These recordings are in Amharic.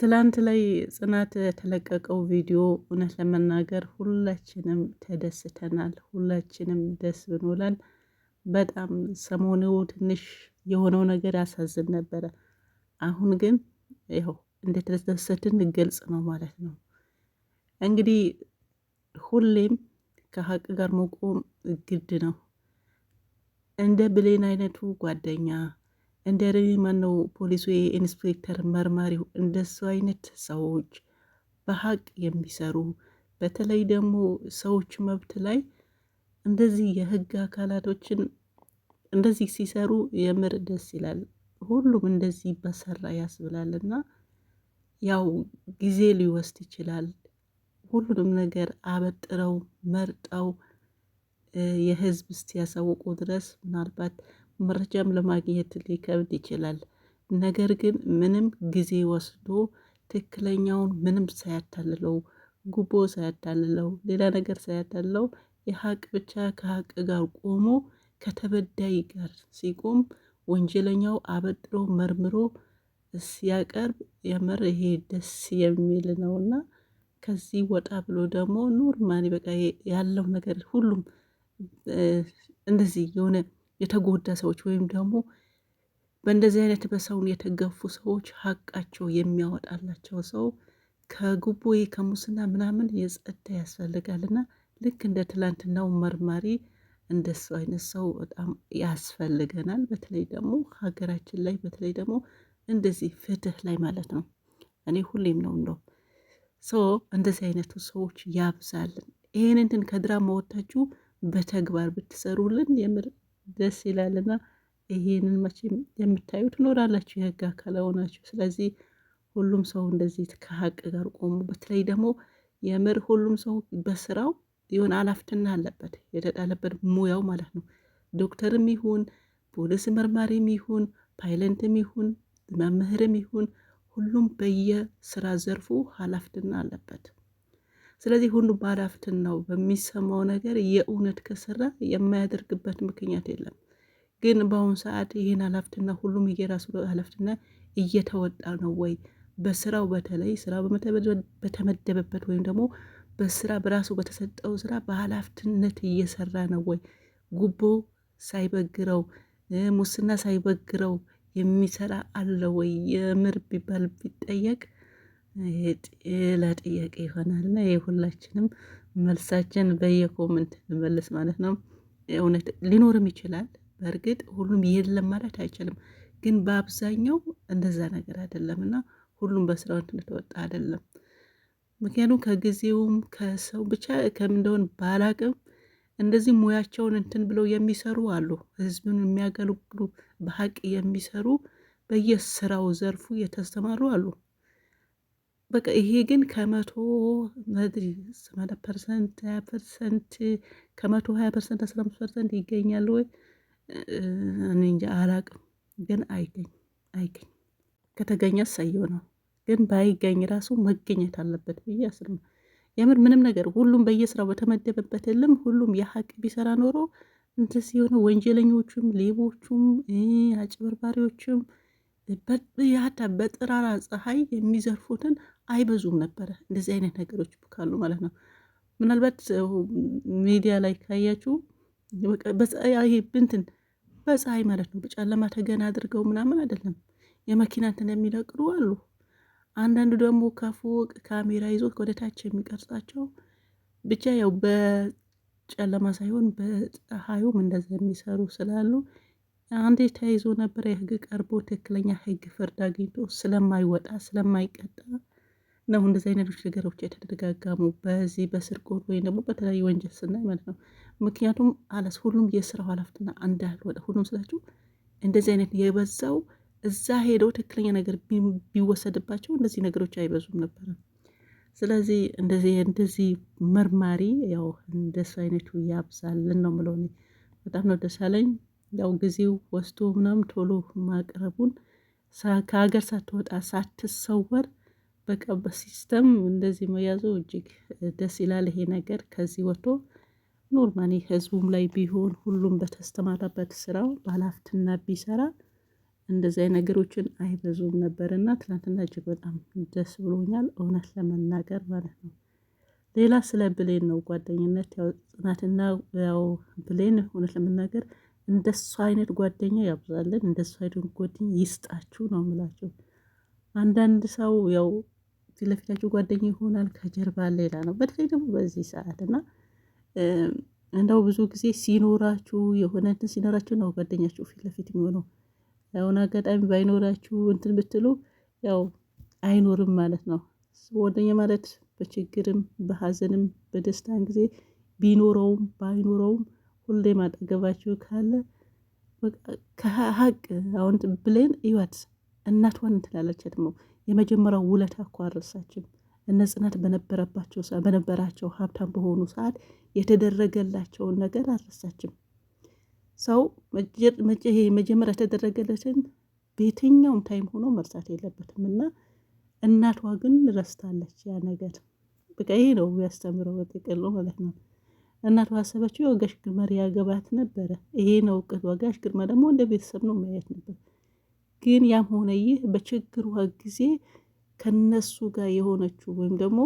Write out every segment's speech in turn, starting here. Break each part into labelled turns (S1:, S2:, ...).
S1: ትላንት ላይ ጽናት የተለቀቀው ቪዲዮ እውነት ለመናገር ሁላችንም ተደስተናል። ሁላችንም ደስ ብኖላል በጣም ሰሞኑ ትንሽ የሆነው ነገር ያሳዝን ነበረ። አሁን ግን ይኸው እንደተደሰትን ግልጽ ነው ማለት ነው። እንግዲህ ሁሌም ከሀቅ ጋር መቆም ግድ ነው። እንደ ብሌን አይነቱ ጓደኛ እንደ ረቢ ማነው ፖሊሱ የኢንስፔክተር መርማሪው እንደሱ አይነት ሰዎች በሀቅ የሚሰሩ በተለይ ደግሞ ሰዎች መብት ላይ እንደዚህ የህግ አካላቶችን እንደዚህ ሲሰሩ የምር ደስ ይላል። ሁሉም እንደዚህ በሰራ ያስብላል። እና ያው ጊዜ ሊወስድ ይችላል። ሁሉንም ነገር አበጥረው መርጠው የህዝብ ያሳውቁ ድረስ ምናልባት መረጃም ለማግኘት ሊከብድ ይችላል። ነገር ግን ምንም ጊዜ ወስዶ ትክክለኛውን ምንም ሳያታልለው ጉቦ ሳያታልለው ሌላ ነገር ሳያታልለው የሀቅ ብቻ ከሀቅ ጋር ቆሞ ከተበዳይ ጋር ሲቆም ወንጀለኛው አበጥሮ መርምሮ ሲያቀርብ የምር ይሄ ደስ የሚል ነው እና ከዚህ ወጣ ብሎ ደግሞ ኖርማሊ በቃ ያለው ነገር ሁሉም እንደዚህ የሆነ የተጎዳ ሰዎች ወይም ደግሞ በእንደዚህ አይነት በሰውን የተገፉ ሰዎች ሀቃቸው የሚያወጣላቸው ሰው ከጉቦ ከሙስና ምናምን የጸዳ ያስፈልጋልና ልክ እንደ ትላንትናው መርማሪ ሰው አይነት ሰው በጣም ያስፈልገናል። በተለይ ደግሞ ሀገራችን ላይ በተለይ ደግሞ እንደዚህ ፍትህ ላይ ማለት ነው። እኔ ሁሌም ነው እንደው ሰው እንደዚህ አይነቱ ሰዎች ያብዛልን። ይህንን ከድራማ ወጥታችሁ በተግባር ብትሰሩልን የምር ደስ ይላልና ይሄንን መቼም የምታዩ ትኖራላችሁ የህግ አካል ሆናችሁ። ስለዚህ ሁሉም ሰው እንደዚህ ከሀቅ ጋር ቆሙ። በተለይ ደግሞ የምር ሁሉም ሰው በስራው የሆነ አላፍትና አለበት የተጣለበት ሙያው ማለት ነው። ዶክተርም ይሁን ፖሊስ መርማሪም ይሁን ፓይለንትም ይሁን መምህርም ይሁን ሁሉም በየስራ ዘርፉ ኃላፊነት አለበት። ስለዚህ ሁሉ ባለሀብትን ነው በሚሰማው ነገር የእውነት ከሰራ የማያደርግበት ምክንያት የለም። ግን በአሁኑ ሰዓት ይህን ኃላፊትና ሁሉም የራሱ ኃላፊትና እየተወጣ ነው ወይ? በስራው በተለይ ስራ በተመደበበት ወይም ደግሞ በስራ በራሱ በተሰጠው ስራ በኃላፊነት እየሰራ ነው ወይ? ጉቦ ሳይበግረው ሙስና ሳይበግረው የሚሰራ አለ ወይ? የምር ቢባል ቢጠየቅ ለጥያቄ ይሆናልና የሁላችንም መልሳችን በየኮመንት እንመልስ ማለት ነው። እውነት ሊኖርም ይችላል። በእርግጥ ሁሉም የለም ማለት አይችልም፣ ግን በአብዛኛው እንደዛ ነገር አይደለም እና ሁሉም በስራው እንደተወጣ አይደለም። ምክንያቱም ከጊዜውም ከሰው ብቻ ከምን እንደሆነ ባላቅም እንደዚህ ሙያቸውን እንትን ብለው የሚሰሩ አሉ። ህዝብን የሚያገለግሉ በሀቅ የሚሰሩ በየስራው ዘርፉ የተስተማሩ አሉ። በቃ ይሄ ግን ከመቶ መድሪ ሰማንያ ፐርሰንት ሀያ ፐርሰንት ከመቶ ሀያ ፐርሰንት አስራ አምስት ፐርሰንት ይገኛል ወይ እኔ እንጃ አላቅም። ግን አይገኝ አይገኝ ከተገኘ ሰየው ነው። ግን ባይገኝ ራሱ መገኘት አለበት ብዬ አስር የምር ምንም ነገር ሁሉም በየስራው በተመደበበት እልም ሁሉም የሀቅ ቢሰራ ኖሮ እንደዚህ የሆነ ወንጀለኞቹም ሌቦቹም አጭበርባሪዎችም የሀታ በጠራራ ፀሐይ የሚዘርፉትን አይበዙም ነበረ እንደዚህ አይነት ነገሮች ካሉ ማለት ነው። ምናልባት ሚዲያ ላይ ካያችሁ ይሄ ብንትን በፀሐይ ማለት ነው በጨለማ ተገና አድርገው ምናምን አይደለም የመኪና እንትን የሚለቅሉ አሉ። አንዳንዱ ደግሞ ከፎቅ ካሜራ ይዞ ወደታች የሚቀርጻቸው ብቻ ያው በጨለማ ሳይሆን በፀሐዩም እንደዚ የሚሰሩ ስላሉ አንዴ ተይዞ ነበረ የህግ ቀርቦ ትክክለኛ ህግ ፍርድ አግኝቶ ስለማይወጣ ስለማይቀጣ እና አሁን እንደዚህ አይነቶች ነገሮች የተደጋጋሙ በዚህ በስርቆት ወይም ደግሞ በተለያዩ ወንጀል ስናይ ማለት ነው። ምክንያቱም አለስ ሁሉም የስራው ኃላፊነትና እንዳልወጣ ሁሉም ስላችሁ እንደዚህ አይነት የበዛው እዛ ሄደው ትክክለኛ ነገር ቢወሰድባቸው እንደዚህ ነገሮች አይበዙም ነበር። ስለዚህ እንደዚህ እንደዚህ መርማሪ ያው እንደሱ አይነቱ ያብዛልን ነው ምለው። በጣም ነው ደስ ያለኝ። ያው ጊዜው ወስዶ ምናምን ቶሎ ማቅረቡን ከሀገር ሳትወጣ ሳትሰወር በቀበስ ሲስተም እንደዚህ መያዙ እጅግ ደስ ይላል። ይሄ ነገር ከዚህ ወጥቶ ኖርማኒ ህዝቡም ላይ ቢሆን ሁሉም በተስተማራበት ስራው ባለሀፍትና ቢሰራ እንደዚህ ነገሮችን አይበዙም ነበር እና ትናንትና እጅግ በጣም ደስ ብሎኛል፣ እውነት ለመናገር ማለት ነው። ሌላ ስለ ብሌን ነው ጓደኝነት ያው ጽናትና ያው ብሌን እውነት ለመናገር እንደሱ አይነት ጓደኛ ያብዛልን፣ እንደሱ አይነት ጓደኛ ይስጣችሁ ነው የምላቸው። አንዳንድ ሰው ያው ፊት ለፊታችሁ ጓደኛ ይሆናል፣ ከጀርባ ሌላ ነው። በተለይ ደግሞ በዚህ ሰዓት እና እንደው ብዙ ጊዜ ሲኖራችሁ የሆነ እንትን ሲኖራችሁ ነው ጓደኛችሁ ፊት ለፊት የሚሆነው። አሁን አጋጣሚ ባይኖራችሁ እንትን ብትሉ ያው አይኖርም ማለት ነው። ጓደኛ ማለት በችግርም በሀዘንም በደስታን ጊዜ ቢኖረውም ባይኖረውም ሁሌ ማጠገባችሁ ካለ ከሀቅ አሁን ብሌን እናት ዋን እንትላለች ደግሞ የመጀመሪያው ውለታ እኮ አልረሳችም። እነ ጽናት በነበረባቸው በነበራቸው ሀብታም በሆኑ ሰዓት የተደረገላቸውን ነገር አልረሳችም። ሰው መጀመሪያ የተደረገለትን በየትኛውም ታይም ሆኖ መርሳት የለበትም እና እናቷ ግን ረስታለች ያ ነገር። በቃ ይሄ ነው ያስተምረው በጥቅሉ ማለት ነው። እናቷ አሰበችው የወጋሽ ግርማ ያገባት ነበረ። ይሄ ነው እቅዷ። ወጋሽ ግርማ ደግሞ እንደ ቤተሰብ ነው የሚያየት ነበር። ግን ያም ሆነ ይህ በችግሯ ጊዜ ከነሱ ጋር የሆነችው ወይም ደግሞ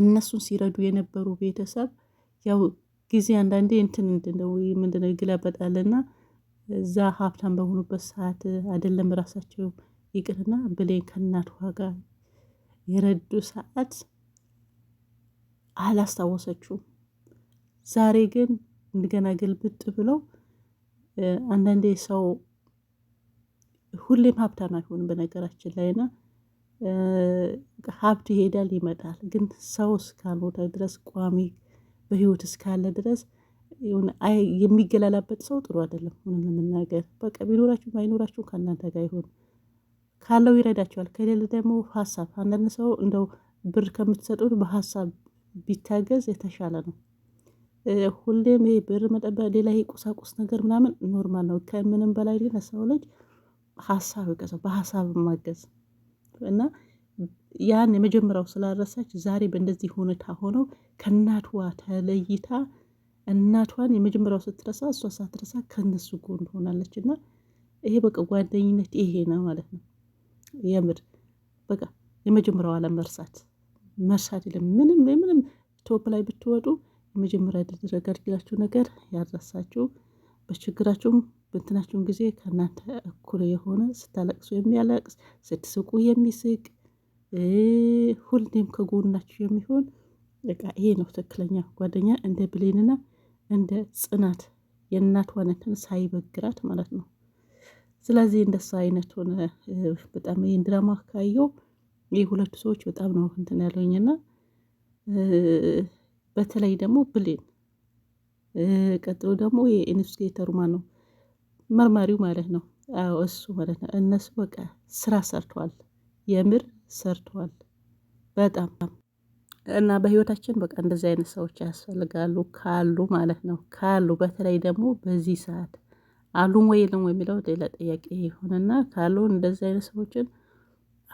S1: እነሱን ሲረዱ የነበሩ ቤተሰብ ያው ጊዜ አንዳንዴ እንትን ምንድነው ምንድነው ይገላበጣልና እዛ ሀብታም በሆኑበት ሰዓት አይደለም ራሳቸው ይቅርና ብሌን ከእናትዋ ጋር የረዱ ሰዓት አላስታወሰችውም። ዛሬ ግን እንደገና ግልብጥ ብለው አንዳንዴ ሰው ሁሌም ሀብታም አይሆንም በነገራችን ላይ ና ሀብት ይሄዳል ይመጣል። ግን ሰው እስካልሞተ ድረስ ቋሚ በህይወት እስካለ ድረስ የሚገላላበት ሰው ጥሩ አይደለም። ሆነ ለመናገር በቃ ቢኖራችሁ ባይኖራችሁ ከእናንተ ጋር ይሆን ካለው ይረዳቸዋል፣ ከሌለ ደግሞ ሀሳብ አንዳንድ ሰው እንደው ብር ከምትሰጡት በሀሳብ ቢታገዝ የተሻለ ነው። ሁሌም ይሄ ብር መጠበቅ ሌላ ይሄ ቁሳቁስ ነገር ምናምን ኖርማል ነው። ከምንም በላይ ግን ሰው ልጅ ሀሳብ እገዛው በሀሳብ ማገዝ እና ያን የመጀመሪያው ስላረሳች ዛሬ በእንደዚህ ሁኔታ ሆነው ከእናቷ ተለይታ እናቷን የመጀመሪያው ስትረሳ እሷ ሳትረሳ ከነሱ ጎን ሆናለች። እና ይሄ በቃ ጓደኝነት ይሄ ነው ማለት ነው። የምር በቃ የመጀመሪያው ዓለም መርሳት መርሳት የለም ምንም ምንም ቶፕ ላይ ብትወጡ የመጀመሪያ ደረጃ ያደረጋችሁት ነገር ያረሳችሁ በችግራችሁም በእንትናችሁን ጊዜ ከእናንተ እኩል የሆነ ስታለቅሱ የሚያለቅስ ስትስቁ የሚስቅ ሁልም ከጎናችሁ የሚሆን በቃ ይሄ ነው ትክክለኛ ጓደኛ። እንደ ብሌንና እንደ ጽናት የእናት ዋነትን ሳይበግራት ማለት ነው። ስለዚህ እንደሱ አይነት ሆነ። በጣም ይህን ድራማ ካየው ይህ ሁለቱ ሰዎች በጣም ነው እንትን ያለኝና በተለይ ደግሞ ብሌን ቀጥሎ ደግሞ የኢንስጌተሩ ማን ነው መርማሪው ማለት ነው። አዎ እሱ ማለት ነው። እነሱ በቃ ስራ ሰርተዋል፣ የምር ሰርተዋል በጣም እና በህይወታችን በቃ እንደዚህ አይነት ሰዎች ያስፈልጋሉ ካሉ ማለት ነው ካሉ በተለይ ደግሞ በዚህ ሰዓት አሉም ወይ የለም የሚለው ሌላ ጥያቄ ይሆንና ካሉ እንደዚህ አይነት ሰዎችን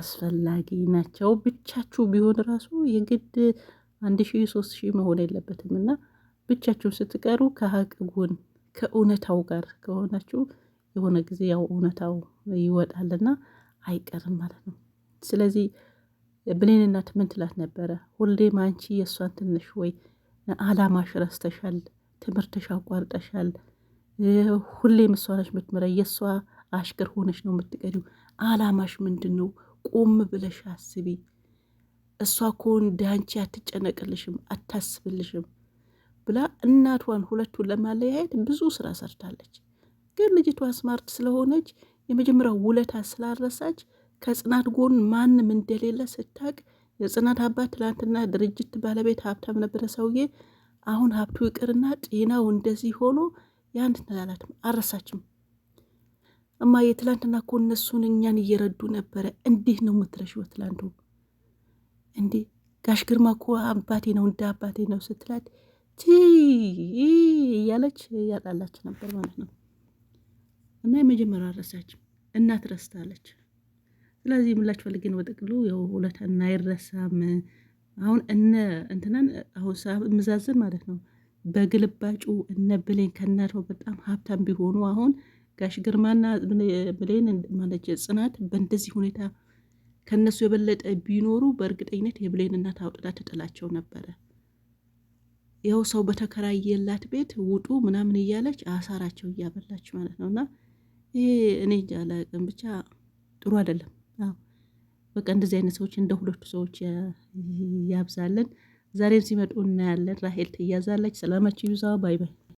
S1: አስፈላጊ ናቸው። ብቻችሁ ቢሆን ራሱ የግድ አንድ ሺህ ሶስት ሺህ መሆን የለበትም እና ብቻችሁን ስትቀሩ ከሀቅ ጎን ከእውነታው ጋር ከሆናችሁ የሆነ ጊዜ ያው እውነታው ይወጣልና አይቀርም ማለት ነው። ስለዚህ ብሌን እናት ምን ትላት ነበረ? ሁሌም አንቺ የእሷን ትንሽ ወይ አላማሽ ረስተሻል፣ ትምህርትሽ አቋርጠሻል። ሁሌም እሷ ነሽ የምትመራው፣ የእሷ አሽከር ሆነች ነው የምትቀሪው። አላማሽ ምንድን ነው? ቆም ብለሽ አስቢ። እሷ እኮ እንዳንቺ አትጨነቅልሽም፣ አታስብልሽም። ብላ እናቷን ሁለቱን ለማለያየት ብዙ ስራ ሰርታለች። ግን ልጅቷ ስማርት ስለሆነች የመጀመሪያው ውለታ ስላረሳች ከጽናት ጎን ማንም እንደሌለ ስታቅ የጽናት አባት ትላንትና ድርጅት ባለቤት ሀብታም ነበረ ሰውዬ። አሁን ሀብቱ ይቅርና ጤናው እንደዚህ ሆኖ ያን ትላላት አረሳችም። እማ የትላንትና እኮ እነሱን እኛን እየረዱ ነበረ። እንዲህ ነው የምትረሺው? ትላንቱ እንዲህ ጋሽ ግርማ እኮ አባቴ ነው እንደ አባቴ ነው ስትላት እያለች እያጣላች ነበር ማለት ነው። እና የመጀመሪያ አረሳች እናት ረስታለች። ስለዚህ ምላች ፈልጌ ነው በጥቅሉ ያው ሁለት እና አይረሳም። አሁን እነ እንትናን አሁን ምዛዝን ማለት ነው በግልባጩ እነ ብሌን ከእናተው በጣም ሀብታም ቢሆኑ አሁን ጋሽ ግርማና ብሌን ማለት ጽናት በእንደዚህ ሁኔታ ከነሱ የበለጠ ቢኖሩ በእርግጠኝነት የብሌን እናት አውጥታ ትጥላቸው ነበረ። ይኸው ሰው በተከራየላት ቤት ውጡ ምናምን እያለች አሳራቸው እያበላች ማለት ነው። እና ይሄ እኔ እንጃ አላውቅም፣ ብቻ ጥሩ አይደለም። በቃ እንደዚህ አይነት ሰዎች እንደ ሁለቱ ሰዎች ያብዛልን። ዛሬም ሲመጡ እናያለን። ራሄል ትያዛለች። ሰላማችሁ ይብዛ። ባይ ባይ።